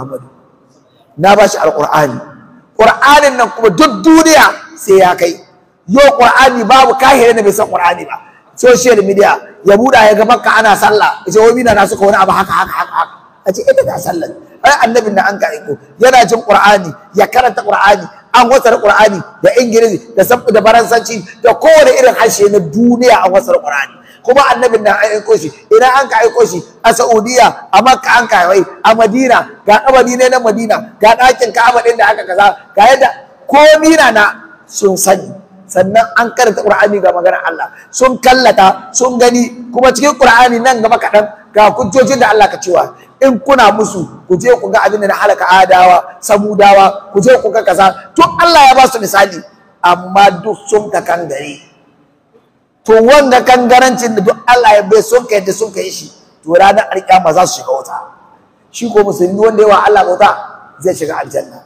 Muhammadu na bashi alqur'ani qur'anin nan kuma duk duniya sai ya kai yo qur'ani babu kahire ne bai san qur'ani ba social media ya buda ya ga makka ana sallah ya ce na suka wani abu haka haka haka a ce ita ga sallar ai annabin da an ka aiko yana jin qur'ani ya karanta qur'ani an wasar qur'ani da ingilizi da sabu da faransanci da kowane irin harshe na duniya an wasar qur'ani kuma annabin na aiko shi idan an ka aiko shi a Saudiya a Makka an wai a Madina ga kabari ne na Madina ga ɗakin Ka'aba din da aka kaza ga yadda komi na na sun sani sannan an karanta Qur'ani ga magana Allah sun kallata sun gani kuma cikin Qur'ani nan gaba kaɗan ga hujjojin da Allah ka cewa in kuna musu ku je ku ga abin da na halaka adawa samudawa ku je ku ga kaza to Allah ya ba su misali amma duk sun ka kan gare to wanda kan garancin da duk Allah ya bai son kai da son kai shi to ranar alƙiyama za su shiga wuta shi ko musulmi wanda yawa Allah bauta zai shiga aljanna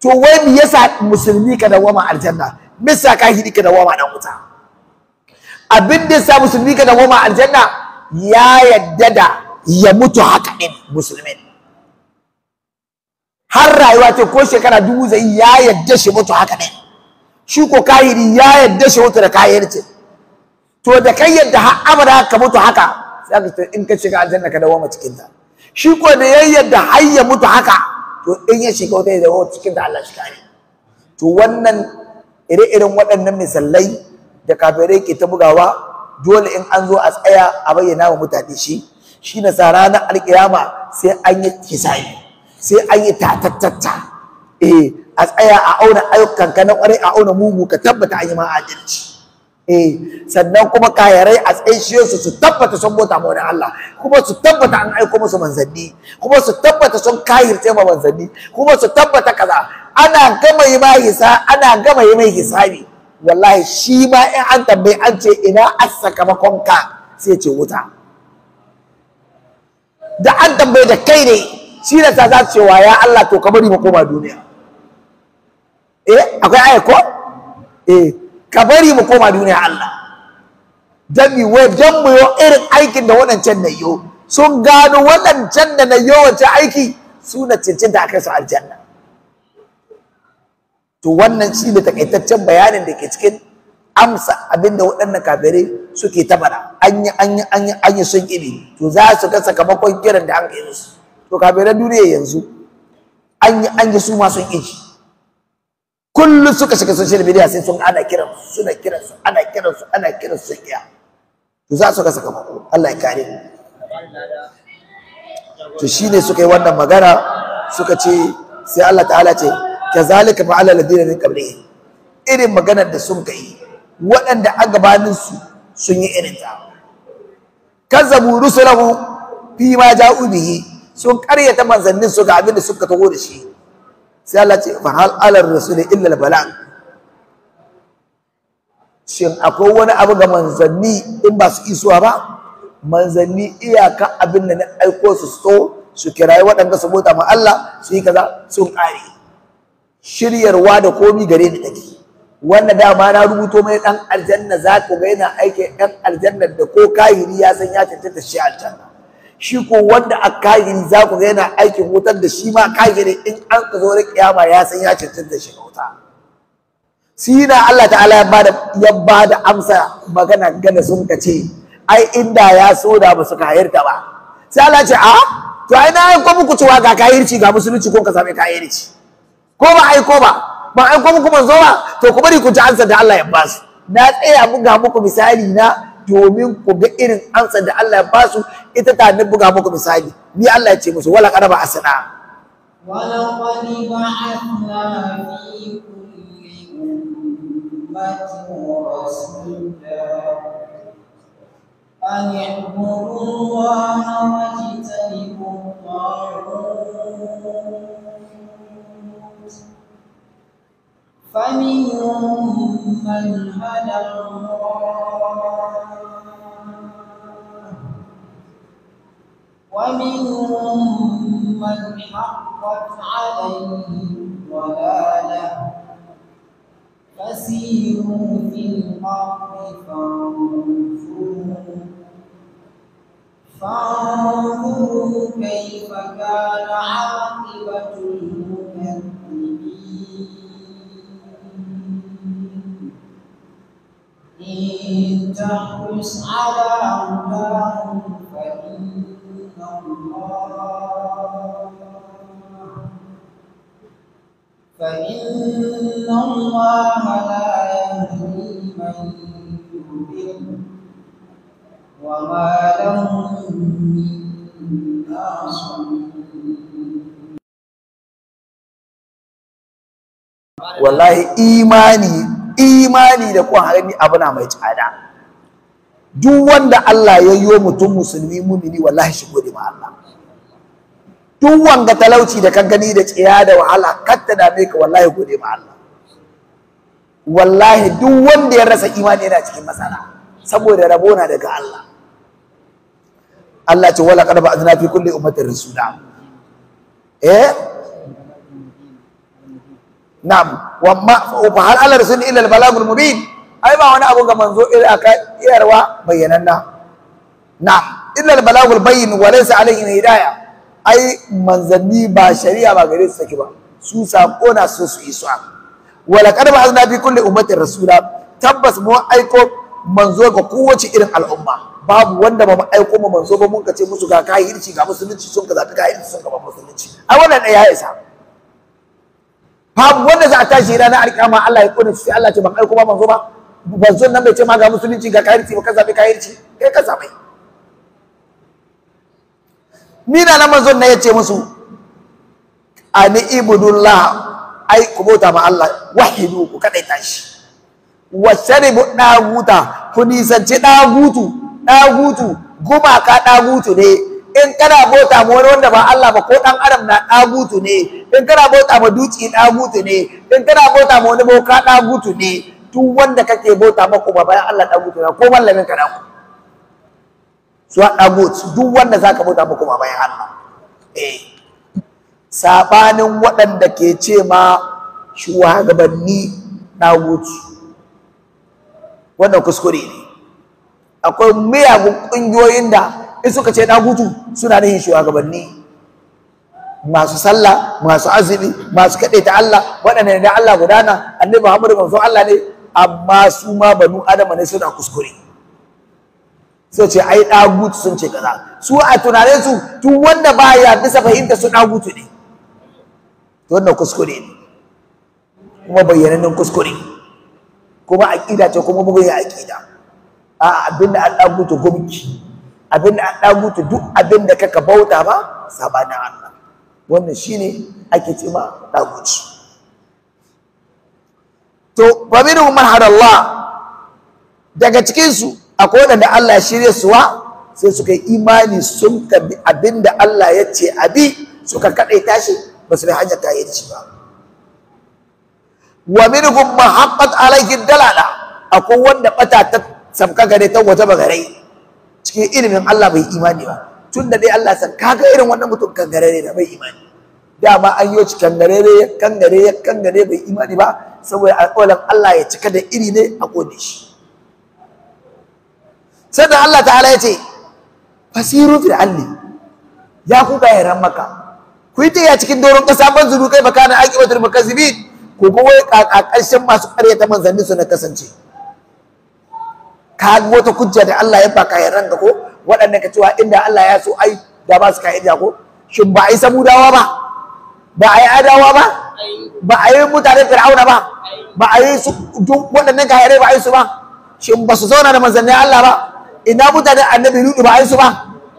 to wai me yasa musulmi ka dawama aljanna me yasa hidi ka dawama dan wuta abin da yasa musulmi ka dawama aljanna ya yadda da ya mutu haka din musulmin har rayuwa ce ko shekara dubu zai ya yadda shi mutu haka din shi ko kahiri ya yadda shi wuta da kahirci to da kai yadda har abada ka mutu haka sai ka in ka shiga aljanna ka dawo cikin ta shi ko da yayin yadda har ya mutu haka to in ya shiga wata ya dawo cikin ta Allah shi kare to wannan ire-iren waɗannan misalai da kafirai ke ta bugawa dole in an zo a tsaya a bayyana wa mutane shi shi na sa ranar alkiyama sai an yi hisabi sai an yi tatattata eh a tsaya a auna ayyukan ka na kwarai a auna mugu ka tabbata an yi ma adalci eh sannan kuma kayarai a tsaishiyarsu su tabbata sun bota ma wani Allah kuma su tabbata an aiko musu manzanni kuma su tabbata sun kahirce ma manzanni kuma su tabbata kaza ana gama yi ma hisa ana gama yi mai hisabi wallahi shi ma in an tambayi an ce ina a sakamakon ka sai ce wuta da an tambaye da kai ne shi ne ta za cewa ya Allah to kamar bari mu koma duniya eh akwai aya eh ka bari mu koma duniya Allah dan mi wai dan mu yo irin aikin da waɗancan na yo sun gano waɗancan da na yo wace aiki su na da akan su aljanna to wannan shi ne takaitaccen bayanin da ke cikin amsa abinda waɗannan kafirai suke tabara. faɗa an yi an yi an yi an yi sun ƙibi to za su ga sakamakon kiran da an kai musu to kafirai duniya yanzu an yi an yi su ma sun ƙi kullum suka shiga social media sai sun ana kiran suna kiran su ana kiran su ana kiran su iya to za su ga sakamako Allah ya kare mu to shine suka yi wannan magana suka ce sai Allah ta'ala ce kazalika fa'ala ladina min qablihi irin maganar da sun kai waɗanda a gabanin su sun yi irin ta kazzabu rusulahu fi ma ja'u bihi sun karyata manzannin su ga abin da suka taho da shi sai Allah ce fa hal alar da illa bala shin akwai wani abu ga manzanni in ba su isuwa ba manzanni iyaka abin da na aiko su so su kirayi waɗanda su bota ma Allah su yi kaza sun ƙare shiryarwa da komi gare ni take Wannan dama na rubuto mai ɗan aljanna za ku ga yana aiki ɗan aljanna da ko kahiri ya san ya cancanta shi aljanna shi wanda a kagiri za ku ga yana aikin wutar da shi ma kagiri in an ka zo da kiyama ya san ya da shi wuta shi na Allah ta'ala ya bada ya bada amsa magana gana sun ka ce ai inda ya so da ba su kahirta ba sai Allah ce a ah, to ai na aiko muku cewa ga kahirci ga musulunci ko ka same kahirci ko ba aiko ba ba aiko muku manzo ba to ku bari ku ji ansa da Allah ya ba su na tsaya mu ga muku misali na domin ku ga irin ansa da Allah ya ba su ita ta ni buga muku misali ni Allah ya ce musu wala qaraba asna wala qad ba'athna fi kulli ummatin rasulan أن اعبدوا الله واجتنبوا الطاغوت فمنهم من هدى الله ومنهم من حقت عليه ضلاله فسيروا في الارض فانظروا فانظروا كيف كان عاقبه المكذبين ان تحرص على هداهم فإن الله لا يهدي من يضل وما لهم من wallahi imani imani da kun harami abu na mai tsada duk wanda Allah ya yi wa mutum musulmi mumini wallahi shi gode ma Allah duk wanga talauci da ka gani da tsaya da wahala kar ta dame ka wallahi gode ma Allah wallahi duk wanda ya rasa imani yana cikin matsala saboda rabo na daga Allah Allah ce wala qad ba'athna fi kulli ummatin rasula eh na'am wa ma fa hal ala rasul illa al balagul mubin ai ba wani abu ga manzo aka iyarwa bayyananna na'am illa al balagul bayyin wa laysa alayhi hidayah ai manzanni ba shari'a ba gare su take ba su sako na so su su'a wala kad ba azna bi kulli ummati rasula tabbas mu aiko manzo ga kowace irin al'umma babu wanda ba mu aiko mu manzo ba mun kace musu ga hirci ga musulunci sun ka zaɓi hirci sun ka ba musulunci ai wannan ɗaya ya isa babu wanda za a tashi ranar alƙiyama Allah ya kone sai Allah ce ban aiko ba manzo ba manzo nan bai ce ma ga musulunci ga hirci ba ka zaɓi hirci kai ka mai. ni na manzon na ya ce musu ani ibudullah ai ku bauta ma Allah wahidu ku kadai tashi washaribu daguta ku nisanci dagutu dagutu gumaka dagutu ne in kana bauta ma wani wanda ba Allah ba ko dan adam na dagutu ne in kana bauta ma duci dagutu ne in kana bauta ma wani boka dagutu ne duk wanda kake bauta ma ko ba bayan Allah dagutu ne ko mallamin ka dagutu su haɗa goci duk wanda za ka bauta ma kuma bayan Allah eh sabanin waɗanda ke ce ma shugabanni na wannan kuskure ne akwai miyagun ƙungiyoyin da in suka ce dagutu suna nihin shugabanni masu sallah masu azumi masu kaɗe ta Allah waɗanda ne da Allah gudana annabi Muhammadu manzon Allah ne amma su ma banu adama ne suna kuskure sai ce ai ɗagutu sun ce kaza su a tunanin su duk wanda baya bisa fahimta su ɗagutu ne to wannan kuskure ne kuma bayyanannen kuskure kuma aƙida ce kuma bugun ya aƙida a abin da an ɗagutu gumki Abinda da an ɗagutu duk abinda kaka bauta ba sabanin Allah wannan shine ake ce ma ɗagutu to faminhum man Allah daga cikin su akwai waɗanda Allah ya shirya suwa sai suka yi imani sun ka bi abin Allah ya ce abi suka kadai tashi ba su da hanyar ta yi shi ba wa minhum man haqqat alayhi dalala akwai wanda bata ta samka gare ta wata bagare cikin ilimin Allah bai imani ba tun da dai Allah san kaga irin wannan mutum kan gare ne bai imani dama an yi cikin gare ne kan gare kan gare bai imani ba saboda alƙawarin Allah ya cika da iri ne a kone shi sai da Allah ta'ala ya ce fasiru fil alli ya ku ga yaran maka ku yi tiya cikin doron kasa ban zuru kai baka na wata aqibatul zubi ku ga wai kakakashin masu ƙaryata manzannin su na kasance ka ga wata kujja da Allah ya baka yaran ka ko waɗanda ka cewa inda Allah ya so ai da ba su ka'ida ko shin ba a yi samudawa ba ba a yi adawa ba ba a yi mutane fir'auna ba ba a yi su duk ka yare ba a yi su ba shin ba su zauna da manzannin Allah ba ina mutanen annabi hudu ba a yi su ba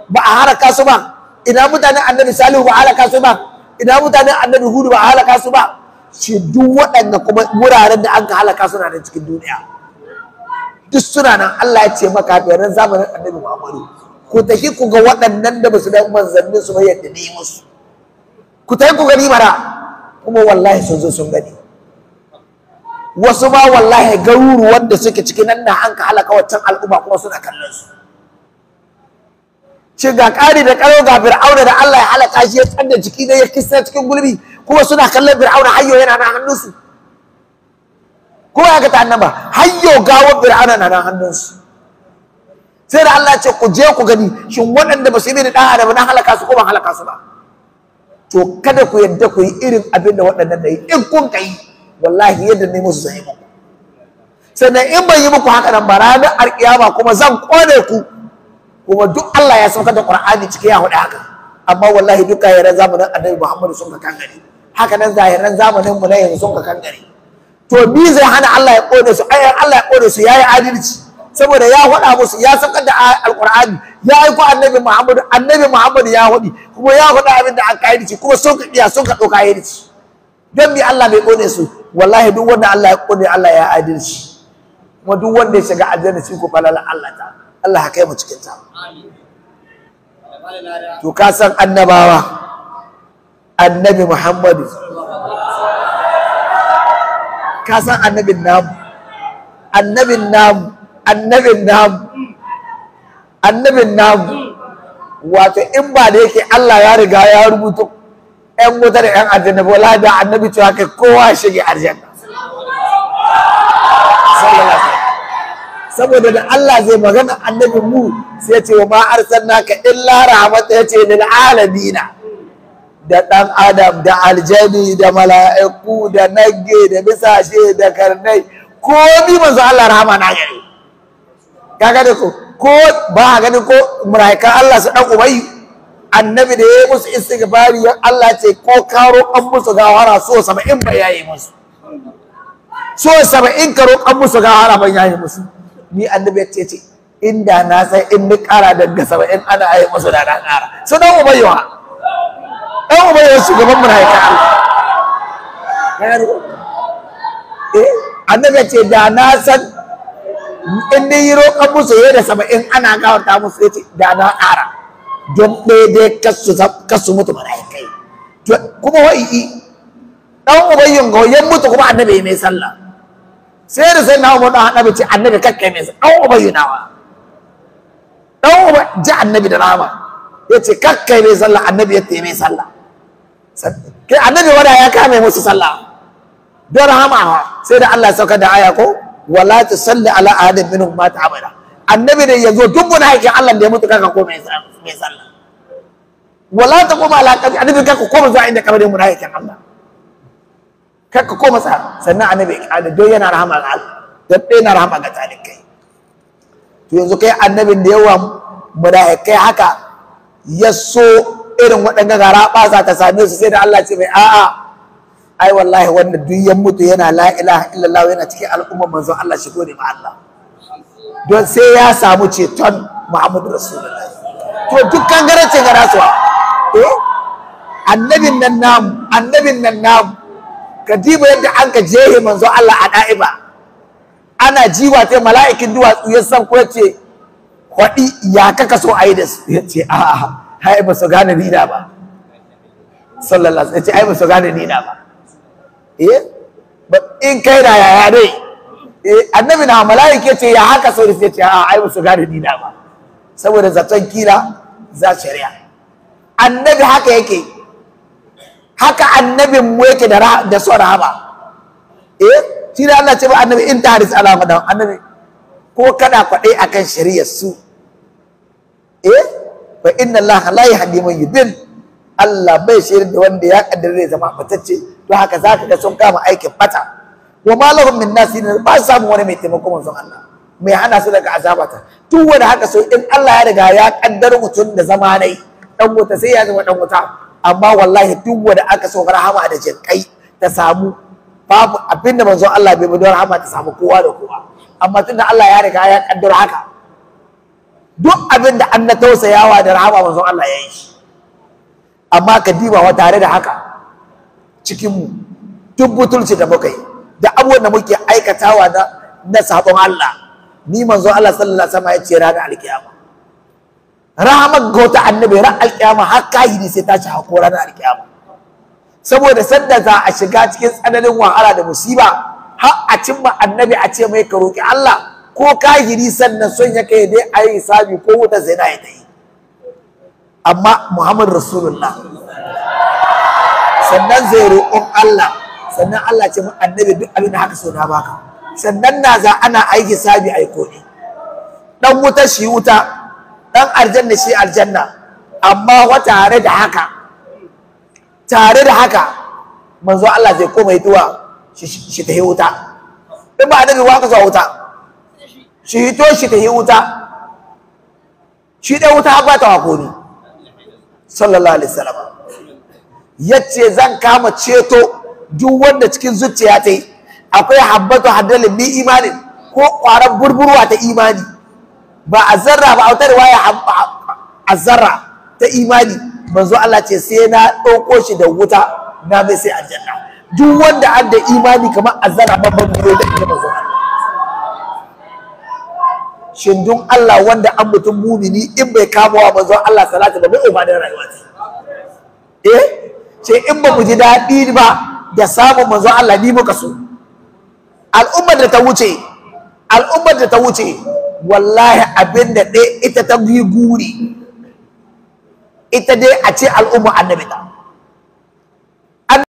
ba a haraka su ba ina mutanen annabi salihu ba a halaka su ba ina mutanen annabi hudu ba a halaka su ba shi duk waɗanda kuma wuraren da an ka halaka suna da cikin duniya duk suna nan Allah ya ce maka bayanan zamanin annabi Muhammadu ku tafi ku ga waɗannan da ba su da manzannin su ba yadda ne musu ku tafi ku gani mara kuma wallahi sun zo sun gani wasu ba wallahi garuru wanda suke ciki nan da hanka halaka waccan al'umma kuma suna kallon su ce ga ƙari da ƙaro ga fir'auna da Allah ya halaka shi ya tsanda jiki da ya kisa cikin gulbi kuma suna kallon fir'auna hayyo yana nan hannunsu ko ya ga annaba hayyo gawar fir'auna na nan hannunsu sai da Allah ce ku je ku gani shin waɗanda ba su yi da ɗan adam na halaka su ko ban halaka su ba to kada ku yadda ku yi irin abin da waɗannan da yi in kun ka yi wallahi yadda ne musu zai yi muku sannan in ban yi muku haka nan ba ranar alƙiyama kuma zan kone ku kuma duk Allah ya saukar da Qur'ani cike ya hudu haka amma wallahi duk zahiran zamanin Annabi Muhammad sun ka kangare haka nan zahiran zamanin mu na yanzu sun ka kangare to bi zai hana Allah ya kone su ayan Allah ya kone su yayi adalci saboda ya faɗa musu ya saukar da alƙur'ani ya aiko annabi muhammadu annabi muhammadu ya faɗi kuma ya faɗa abin da aka yi kuma sun ka iya sun ka ɗauka yi dan bi Allah bai kone su wallahi duk wanda Allah ya kone Allah ya adalci kuma duk wanda ya shiga aljanna shi ko falalan Allah ta Allah ka kai mu cikin ta to ka san annabawa annabi Muhammadu ka san annabin namu annabin namu annabin namu annabin namu wato in ba da yake Allah ya riga ya rubuta 'yan wuta da 'yan aljanna ba wala da annabi cewa kai kowa shige aljanna saboda da Allah zai magana annabi mu sai ya ce wa ma ka illa rahmatan ya ce lil alamina da dan adam da aljani da mala'iku da nagge da bisashe da karnai ko bi manzo Allah rahama na gare kaga da ko ko ba ganin ko muraika Allah su dan ubayi annabi da ya yi musu istighfari Allah ce ko karo an musu gawara so saba'in ba yayi musu so saba'in karo an musu gawara ban yayi musu ni annabi ya ce inda na sai in ni kara daga saba'in ana ayi musu da na kara so dan ubayyawa dan ubayyawa shugaban mulhaika Allah eh annabi ya ce da na san in ni yi roƙan musu yayi da saba'in ana gawarta musu ya ce da na kara don ɗaya dai kasu mutu mala'ikai kuma wa'i'i ɗan ubayyin ga yan mutu kuma annabi mai sallah sai da sai na umar ɗan annabi ce annabi kakka mai sallah ɗan ubayyin nawa ɗan uba ji annabi da rama ya ce kakka mai sallah annabi ya mai sallah kai annabi wada ya kame musu sallah don ha, sai da Allah sauka da aya ko wala tusalli ala ahadin minhum mata abada annabi da yazo duk mun aikin Allah da ya mutu kaka ko mai sallah mai sallah wala ta koma ala kabi annabi ka koma zuwa inda kamar yin kabarin munafikin Allah ka ka koma sa sannan annabi da dai yana rahama ga Allah da dai yana rahama ga talikai to yanzu kai annabin da yawa munafikai haka ya so irin waɗanda gara ɓasa ta same su sai da Allah ce mai a'a ai wallahi wanda duk ya mutu yana la ilaha illallah yana cikin al'umma manzon Allah shigo ne ma Allah don sai ya samu ceton Muhammadu Rasulullahi to duk kangarancin ga rasuwa eh annabin nan namu annabin nan namu kadiba yadda an ka jehe manzo Allah a da'iba ana jiwa ta mala'ikin duwatsu ya san ko yace kwadi ya kaka so ayi da su yace a a hai ba su gane da ba sallallahu alaihi wasallam yace ai ba su gane da ba eh in kai da yaya dai eh, annabi na mala'ike ce ya haka so yace a ai ba su gane da ba saboda zaton kila za shari'a annabi haka yake haka annabin mu yake da da son rahama eh shi da Allah ce ba annabi in ta taris ala madan annabi ko kana kwadai akan shari'ar su eh fa inna Allah la yahdi man yudil Allah bai shirya da wanda ya kaddara zai zama batacce to haka zaka ga sun kama aikin bata wa malahum min nasirin ba samu wani mai taimako manzon Allah mai hana su daga azabata duk wanda haka so in Allah ya riga ya kaddar mutum da zama nai dan wuta sai ya zama dan wuta amma wallahi duk wanda aka so rahama da jinkai ta samu babu da manzo Allah bai bada rahama ta samu kowa da kowa amma tunda Allah ya riga ya kaddar haka duk abinda an na tausayawa da rahama manzo Allah ya yi amma ka wa tare da haka cikin mu duk butulci da muka da abubuwan da muke aikatawa na sabon Allah ni manzo Allah sallallahu alaihi wasallam ya ce ranar alkiyama rahamar gota annabi ran alkiyama har ne sai ta ci hako ranar alkiyama saboda sanda za a shiga cikin tsananin wahala da musiba har a cimma annabi a ce mai ka roki Allah ko kahiri sannan son ya kai dai ayi sabi ko wuta zina ya ta yi amma Muhammad Rasulullah sannan zai roƙon Allah sannan Allah ce mu annabi duk abin da haka so na baka sannan na za ana aiki sabi ai kodi dan wuta shi wuta dan aljanna shi aljanna amma wata tare da haka tare da haka manzo Allah zai koma yi tuwa shi ta wuta in ba da ba ka zuwa wuta shi hito shi ta wuta shi dai wuta ba ta wakoni sallallahu alaihi wasallam yace zan kama ceto duk wanda cikin zuciya ta yi akwai habbatu haddalin bi imanin ko ƙwarar burburwa ta imani ba a zarra ba a waya a zarra ta imani manzo Allah ce sai na ɗauko shi da wuta na mai sai aljanna duk wanda an da imani kamar a zarra babban biyo da ita manzo shin dun Allah wanda an mutum mumini in bai kama wa manzo Allah salatu ba bai ibadar rayuwa ce eh ce in ba mu ji daɗi ba da samun manzo Allah ni muka so al'ummar da ta wuce al'ummar da ta wuce wallahi abin da ɗaya ita ta yi guri ita dai a ce al'ummar annabi ta